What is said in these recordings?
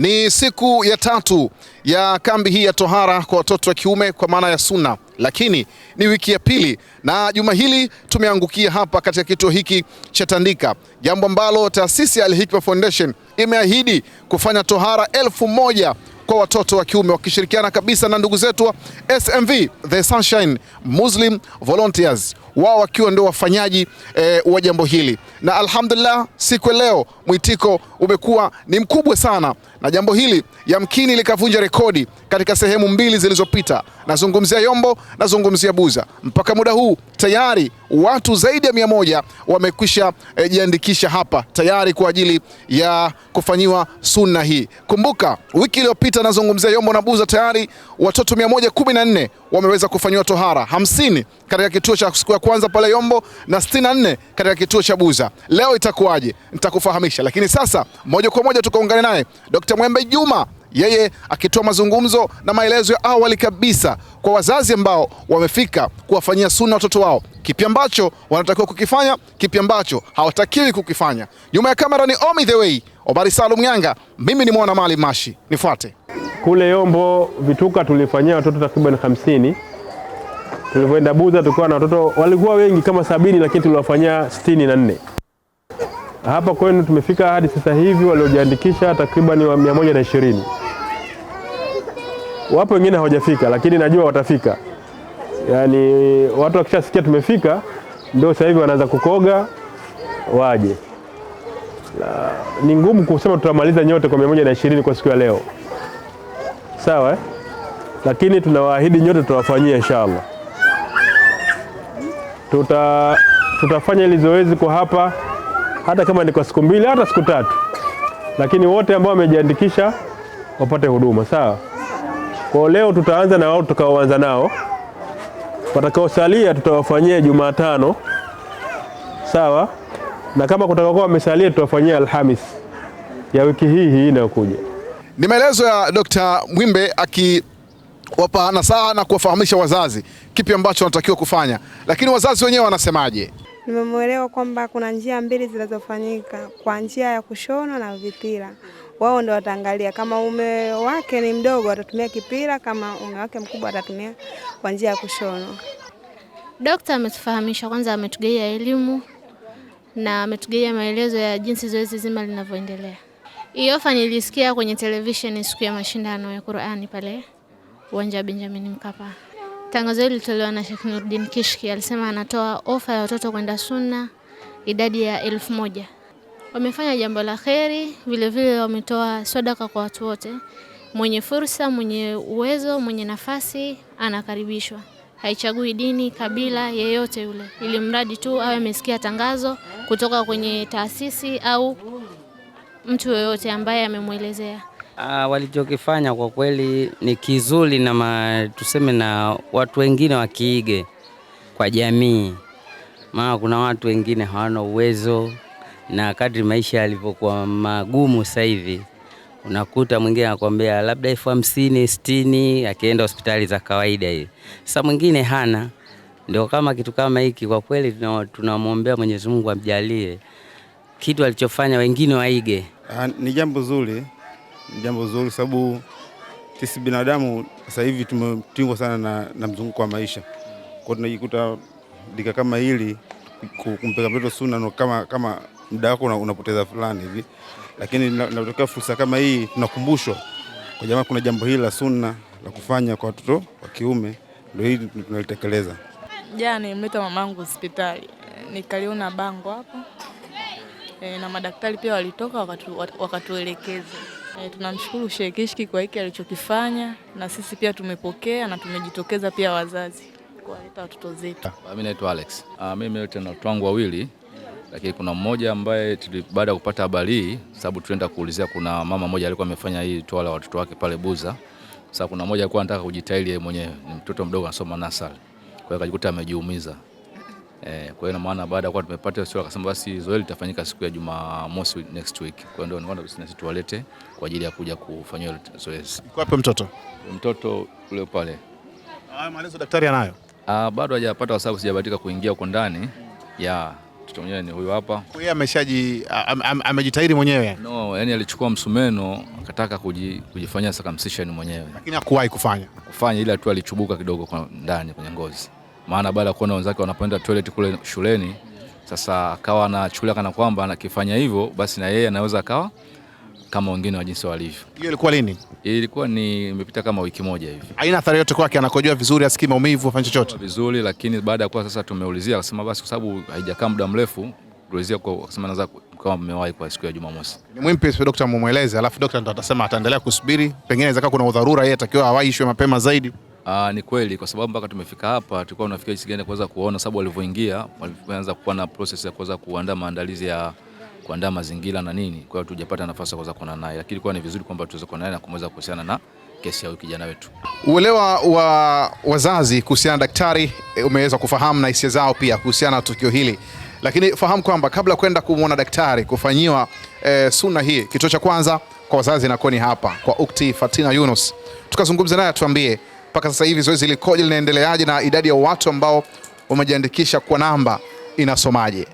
Ni siku ya tatu ya kambi hii ya tohara kwa watoto wa kiume kwa maana ya sunna, lakini ni wiki ya pili, na juma hili tumeangukia hapa katika kituo hiki cha Tandika, jambo ambalo taasisi ya Al Hikma Foundation imeahidi kufanya tohara elfu moja kwa watoto wa kiume wakishirikiana kabisa na ndugu zetu wa SMV The Sunshine Muslim Volunteers, wao wakiwa ndio wafanyaji e, wa jambo hili, na alhamdulillah, siku leo mwitiko umekuwa ni mkubwa sana, na jambo hili yamkini likavunja rekodi katika sehemu mbili zilizopita. Nazungumzia Yombo, nazungumzia Buza. Mpaka muda huu tayari watu zaidi ya mia moja wamekwisha e, jiandikisha hapa tayari kwa ajili ya kufanyiwa sunna hii. Kumbuka wiki iliyopita nazungumzia Yombo na Buza, tayari watoto nne wameweza kufanyiwa tohara, 50 katika kituo cha siku ya kwanza pale Yombo na nne katika kituo cha Buza. Leo itakuwaje? Nitakufahamisha, lakini sasa moja kwa moja tukaungane naye Dr. Mwembe Juma yeye akitoa mazungumzo na maelezo ya awali kabisa kwa wazazi ambao wamefika kuwafanyia suna watoto wao, kipi ambacho wanatakiwa kukifanya, kipi ambacho hawatakiwi kukifanya. Nyuma ya kamera ni Omi the Way, Omari Salum Nyanga, mimi ni mwana Mali Mashi, nifuate. Kule Yombo vituka tulifanyia watoto takriban hamsini. Tulivyoenda Buza tulikuwa na watoto walikuwa wengi kama sabini, lakini tuliwafanyia sitini na nne. Hapa kwenu tumefika hadi sasa hivi waliojiandikisha takriban mia moja na ishirini. Wapo wengine hawajafika, lakini najua watafika. Yaani watu wakishasikia tumefika, ndio sasa hivi wanaanza kukoga waje. Ni ngumu kusema tutamaliza nyote kwa mia moja na ishirini kwa siku ya leo, sawa eh? Lakini tunawaahidi nyote tutawafanyia inshallah. Tuta, tutafanya hili zoezi kwa hapa, hata kama ni kwa siku mbili, hata siku tatu, lakini wote ambao wamejiandikisha wapate huduma, sawa. Kwa leo tutaanza na wao tutakaoanza nao, watakaosalia tutawafanyia Jumatano, sawa, na kama kutakakuwa wamesalia tutawafanyia Alhamis ya wiki hii hii inayokuja. Ni maelezo ya Dr. Mwimbe aki wapa nasaha na kuwafahamisha wazazi kipi ambacho wanatakiwa kufanya, lakini wazazi wenyewe wanasemaje? Nimemwelewa kwamba kuna njia mbili zinazofanyika kwa njia ya kushono na vipira wao ndio wataangalia. Kama ume wake ni mdogo atatumia kipira, kama ume wake mkubwa atatumia kwa njia ya kushono Dokta ametufahamisha kwanza, ametugeia elimu na ametugeia maelezo ya jinsi zoezi zima linavyoendelea. Iofa nilisikia kwenye televisheni siku ya mashindano ya Qur'ani pale uwanja wa Benjamin Mkapa. Tangazo hili lilitolewa na Sheikh Nuruddin Kishki, alisema anatoa ofa ya watoto kwenda sunna idadi ya elfu moja wamefanya jambo la kheri, vilevile wametoa sadaka kwa watu wote. Mwenye fursa, mwenye uwezo, mwenye nafasi anakaribishwa, haichagui dini, kabila, yeyote yule, ili mradi tu awe amesikia tangazo kutoka kwenye taasisi au mtu yoyote ambaye amemwelezea. Uh, walichokifanya kwa kweli ni kizuri na ma, tuseme na watu wengine wakiige kwa jamii, maana kuna watu wengine hawana uwezo na kadri maisha yalivyokuwa magumu sasa hivi unakuta mwingine anakuambia labda elfu hamsini sitini, akienda hospitali za kawaida hii. Sasa mwingine hana, ndio kama kitu kama hiki. Kwa kweli tunamwombea Mwenyezi Mungu amjalie kitu alichofanya, wengine waige. Ah, ni jambo zuri, ni jambo zuri sababu sisi binadamu sasa hivi tumetingwa sana na, na mzunguko wa maisha, kwa tunajikuta dika kama hili kumpeleka mtoto Suna no, kama kama muda wako unapoteza una fulani hivi, lakini natokea fursa kama hii, tunakumbushwa kwa jamaa, kuna jambo hili la Suna la kufanya kwa watoto wa kiume, ndio hili tunalitekeleza. Jana nimleta mamangu hospitali nikaliona bango hapo e, na madaktari pia walitoka wakatuelekeza e, tunamshukuru Sheikh Kishki kwa hiki alichokifanya, na sisi pia tumepokea na tumejitokeza pia wazazi kuwaleta watoto zetu. Ah, mimi naitwa Alex. Ah, mimi yote na watu wangu wawili, lakini kuna mmoja ambaye baada ya kupata habari hii, sababu tuenda kuulizia, kuna mama mmoja alikuwa amefanya hii toa watoto wake pale Buza. Sasa kuna mmoja alikuwa anataka kujitahili yeye mwenyewe, mtoto mdogo anasoma nasari, kwa hiyo akajikuta amejiumiza Eh, kwa hiyo maana baada ya kuwa tumepata sio, akasema basi zoezi litafanyika siku ya Jumamosi next week. Kwa hiyo ndio sisi tuwalete kwa ajili ya kuja kufanyia zoezi. Kwa hapo mtoto mtoto yule pale. Ah, maelezo daktari anayo. Uh, bado hajapata kwa sababu kuingia huko ndani ya mtoto mwenyewe ni huyu hapa. Kwa hiyo ameshaji am, am, mwenyewe. No, yani alichukua msumeno akataka kuji, kujifanyia circumcision mwenyewe. Lakini hakuwahi kufanya. Kufanya ila tu alichubuka kidogo kwa ndani kwenye ngozi. Maana baada ya kuona wenzake wanapenda toilet kule shuleni, sasa akawa anachukulia kana kwamba anakifanya hivyo basi na yeye anaweza akawa kama wengine wa jinsi walivyo. Hiyo ilikuwa lini? Ilikuwa ni imepita kama wiki moja hivi. Haina athari yote kwake, anakojoa vizuri, asikii maumivu, afanye chochote vizuri, lakini baada ya kuwa sasa tumeulizia, akasema basi kwa sababu haijakaa muda mrefu ulizia kwa kusema naweza kama mmewahi kwa siku ya Jumamosi. Ni muhimu mwimpe daktari mumweleze, alafu daktari ndo atasema ataendelea kusubiri, pengine inaweza kuna udharura, yeye atakiwa hawaishwe mapema zaidi. Aa, ni kweli kwa sababu mpaka tumefika hapa tulikuwa tunafikia jinsi gani kuweza kuona, sababu walivyoingia walianza kuwa na process ya kuweza kuandaa maandalizi ya kuandaa mazingira na nini. Kwa hiyo tujapata nafasi ya kuweza kuona naye, lakini kwa ni vizuri kwamba tuweze kuona naye na kumweza kuhusiana na kesi ya kijana wetu. Uelewa wa wazazi kuhusiana na daktari eh, umeweza kufahamu na hisia zao pia kuhusiana na tukio hili, lakini fahamu kwamba kabla ya kwenda kumwona daktari kufanyiwa e, eh, suna hii, kituo cha kwanza kwa wazazi inakuwa ni hapa kwa ukti Fatina Yunus, tukazungumza naye atuambie mpaka sasa hivi zoezi likoje, linaendeleaje na idadi ya watu ambao wamejiandikisha kwa namba inasomaje?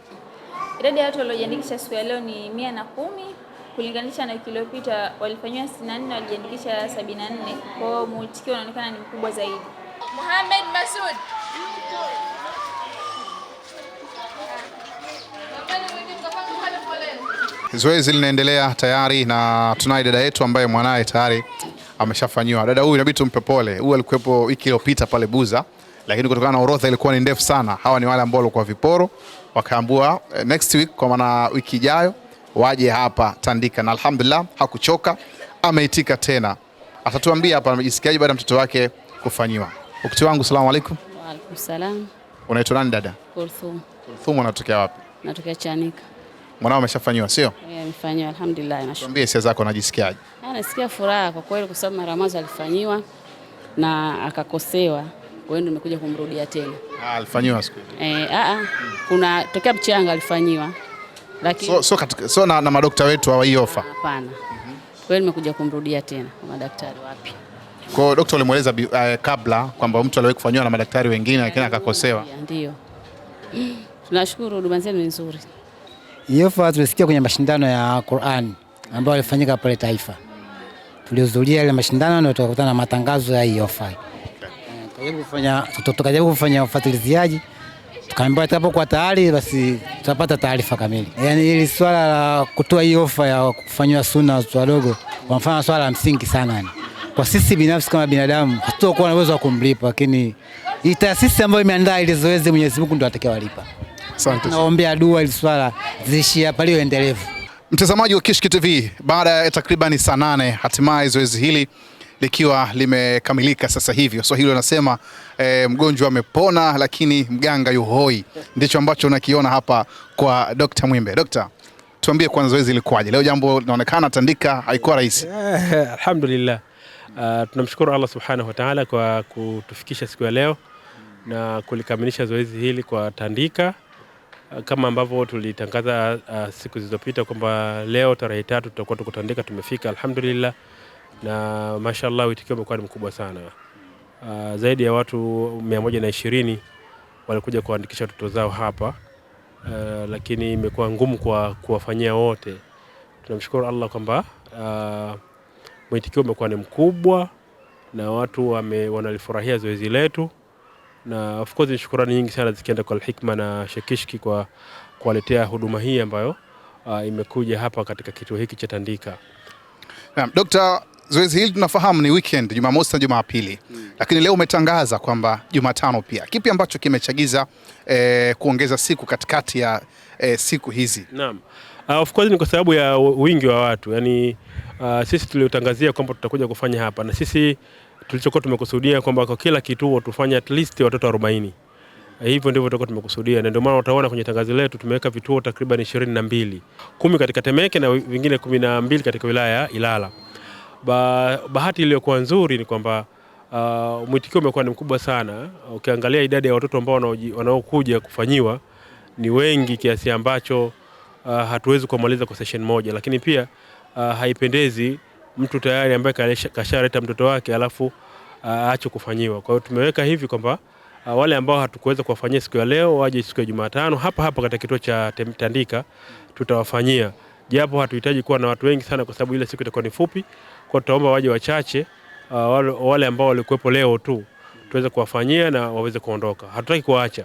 Idadi ya watu waliojiandikisha siku ya leo ni mia na kumi kulinganisha na wiki iliyopita walifanyiwa 64 walijiandikisha 74. Kwa hiyo mwitikio unaonekana ni mkubwa zaidi. Mohamed Masud. Zoezi linaendelea tayari na tunaye dada yetu ambaye mwanaye tayari ameshafanyiwa. Dada huyu inabidi tumpe pole, huyu alikuwepo wiki iliyopita pale Buza lakini kutokana na orodha ilikuwa ni ndefu sana, hawa ni wale ambao walikuwa viporo, wakaambua eh, next week, kwa maana wiki ijayo waje hapa Tandika, na alhamdulillah hakuchoka, ameitika tena. Atatuambia hapa amejisikiaje baada ya mtoto wake kufanyiwa. ukiti wangu, salamu alaikum. Wa alaikum salam. Unaitwa nani dada? Kulthum. Kulthum, unatokea wapi? Natokea Chanika. Mwanao ameshafanyiwa sio? Yeah, amefanyiwa alhamdulillah, nashukuru. Tuambie hisia zako, unajisikiaje? Ah, nasikia furaha kwa kweli, kwa sababu mara mwanzo alifanyiwa na akakosewa kwa hiyo nimekuja kumrudia tena. Ah, alifanyiwa siku eh, ah a ah. kuna tokea mchanga alifanyiwa, lakini so, so, katika, so na, na madokta wetu hii ofa hapana. mm -hmm. Kwa hiyo nimekuja kumrudia tena kwa madaktari wapi? Kwa hiyo daktari alimweleza uh, eh, kabla kwamba mtu aliwahi kufanyiwa na madaktari wengine lakini akakosewa. Ndio. Tunashukuru huduma zenu ni nzuri. Hiyo ofa tulisikia kwenye mashindano ya Qur'an ambayo alifanyika pale Taifa, tulihudhuria ile mashindano na tukakutana na matangazo ya hiyo ofa tukajaribu kufanya ufuatiliziaji tukaambiwa tutakapokuwa tayari basi tutapata taarifa kamili. Yani hili swala la kutoa hii ofa ya kufanyiwa suna watoto wadogo wamfanya swala la msingi sana yani. Kwa sisi binafsi kama binadamu hatutakuwa na uwezo wa kumlipa, lakini hii taasisi ambayo imeandaa ili zoezi, Mwenyezi Mungu ndio atakayewalipa. Asante. Naombea dua ili swala ziishi hapa liwe endelevu. Mtazamaji wa Kishki TV, baada ya takribani saa nane hatimaye zoezi hili likiwa limekamilika sasa hivi. Waswahili wanasema e, eh, mgonjwa amepona lakini mganga yuhoi. Ndicho ambacho unakiona hapa kwa Dr. Mwimbe. Dr. tuambie kwanza zoezi ilikuwaje leo? Jambo linaonekana tandika haikuwa rahisi. Eh, alhamdulillah. Uh, tunamshukuru Allah subhanahu wa ta'ala kwa kutufikisha siku ya leo na kulikamilisha zoezi hili kwa tandika ah, kama ambavyo tulitangaza uh, siku zilizopita kwamba leo tarehe tatu tutakuwa tukutandika. Tumefika alhamdulillah na mashallah witikio umekuwa ni mkubwa sana. Uh, zaidi ya watu mia moja na ishirini walikuja kuandikisha watoto zao hapa uh, lakini imekuwa ngumu kwa kuwafanyia wote. Tunamshukuru Allah kwamba uh, mwitikio umekuwa ni mkubwa na watu wame, wanalifurahia zoezi letu na of course shukrani nyingi sana zikienda kwa Al-Hikma na Shekishki kwa kuwaletea huduma hii ambayo uh, imekuja hapa katika kituo hiki cha Tandika. Naam, Dr zoezi hili tunafahamu ni weekend Jumamosi na Jumapili mm. Lakini leo umetangaza kwamba Jumatano pia. Kipi ambacho kimechagiza eh, kuongeza siku katikati ya eh, siku hizi? Naam. Uh, of course ni kwa sababu ya wingi wa watu yani, uh, ah, sisi tuliotangazia kwamba tutakuja kufanya hapa na sisi tulichokuwa tumekusudia kwamba kwa kila kituo tufanye at least watoto 40. Ah, hivyo ndivyo tulikuwa tumekusudia na ndio maana utaona kwenye tangazo letu tumeweka vituo takriban 22. Kumi katika Temeke na vingine 12 katika wilaya Ilala. Ba, bahati iliyokuwa nzuri ni kwamba uh, mwitikio umekuwa ni mkubwa sana. Ukiangalia idadi ya watoto ambao wanaokuja kufanyiwa ni wengi kiasi ambacho uh, hatuwezi kumaliza kwa session moja, lakini pia uh, haipendezi mtu tayari ambaye kashaleta mtoto wake alafu uh, aache uh, kufanyiwa. Kwa hiyo tumeweka hivi kwamba uh, wale ambao hatukuweza kuwafanyia siku ya leo waje siku ya Jumatano hapa hapa katika kituo cha Tandika tutawafanyia, japo hatuhitaji kuwa na watu wengi sana kwa sababu ile siku itakuwa ni fupi. Kwa tutaomba waje wachache uh, wale ambao walikuwepo leo tu tuweze kuwafanyia na waweze kuondoka, hatutaki kuwaacha.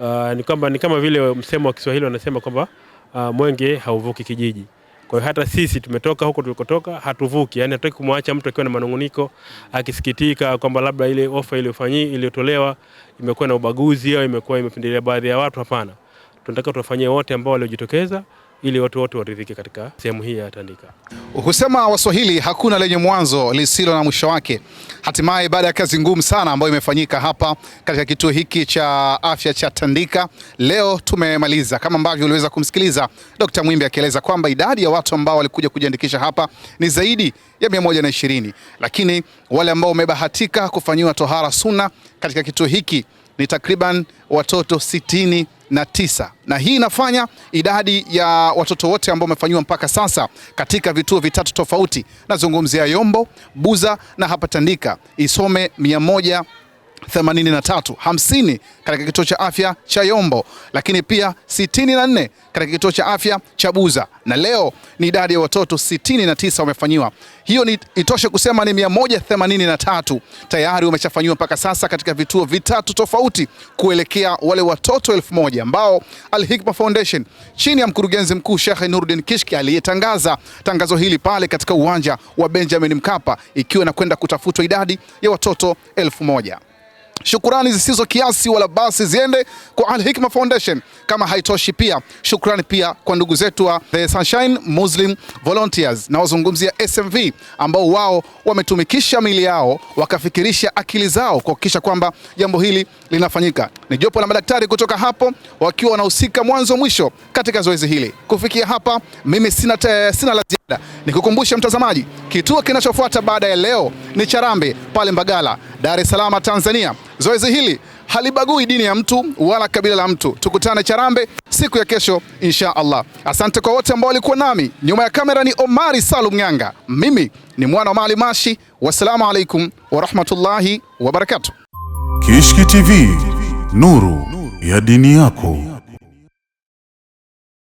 Uh, ni kwamba ni kama vile msemo wa Kiswahili wanasema kwamba uh, mwenge hauvuki kijiji. Kwa hiyo hata sisi tumetoka huko tulikotoka, hatuvuki, yani hatutaki kumwacha mtu akiwa na manunguniko, akisikitika kwamba labda ile ofa iliyofanyii iliyotolewa imekuwa na ubaguzi au imekuwa imependelea baadhi ya watu. Hapana, tunataka tuwafanyie wote ambao waliojitokeza ili watu wote waridhike katika sehemu hii ya Tandika. Husema Waswahili, hakuna lenye mwanzo lisilo na mwisho wake. Hatimaye, baada ya kazi ngumu sana ambayo imefanyika hapa katika kituo hiki cha afya cha Tandika, leo tumemaliza. Kama ambavyo uliweza kumsikiliza Dr. Mwimbi akieleza kwamba idadi ya watu ambao walikuja kujiandikisha hapa ni zaidi ya ishirini, lakini wale ambao wamebahatika kufanyiwa tohara suna katika kituo hiki ni takriban watoto sitini na tisa, na hii inafanya idadi ya watoto wote ambao wamefanyiwa mpaka sasa katika vituo vitatu tofauti, nazungumzia Yombo, Buza na hapa Tandika, isome mia moja 83 50 katika kituo cha afya cha Yombo, lakini pia 64 katika kituo cha afya cha Buza, na leo ni idadi ya watoto 69 wamefanyiwa. Hiyo ni itoshe kusema ni 183 tayari wameshafanyiwa mpaka sasa katika vituo vitatu tofauti, kuelekea wale watoto 1000 ambao Al Hikma Foundation chini ya mkurugenzi mkuu Sheikh Nuruddin Kishki aliyetangaza tangazo hili pale katika uwanja wa Benjamin Mkapa, ikiwa na kwenda kutafutwa idadi ya watoto 1000. Shukurani zisizo kiasi wala basi ziende kwa Al Hikma Foundation. Kama haitoshi pia shukrani pia kwa ndugu zetu wa The Sunshine Muslim Volunteers, na wazungumzia SMV ambao wao wametumikisha mili yao wakafikirisha akili zao kuhakikisha kwamba jambo hili linafanyika. Ni jopo la madaktari kutoka hapo wakiwa wanahusika mwanzo mwisho katika zoezi hili. Kufikia hapa mimi sina, sina la Nikukumbusha mtazamaji, kituo kinachofuata baada ya leo ni Charambe pale Mbagala, Dar es Salaam, Tanzania. Zoezi hili halibagui dini ya mtu wala kabila la mtu. Tukutane Charambe siku ya kesho insha Allah. Asante kwa wote ambao walikuwa nami. Nyuma ya kamera ni Omari Salum Ng'anga, mimi ni mwana wa Mali Mashi. Wassalamu alaikum warahmatullahi wabarakatuh. Kishki TV, nuru ya dini yako.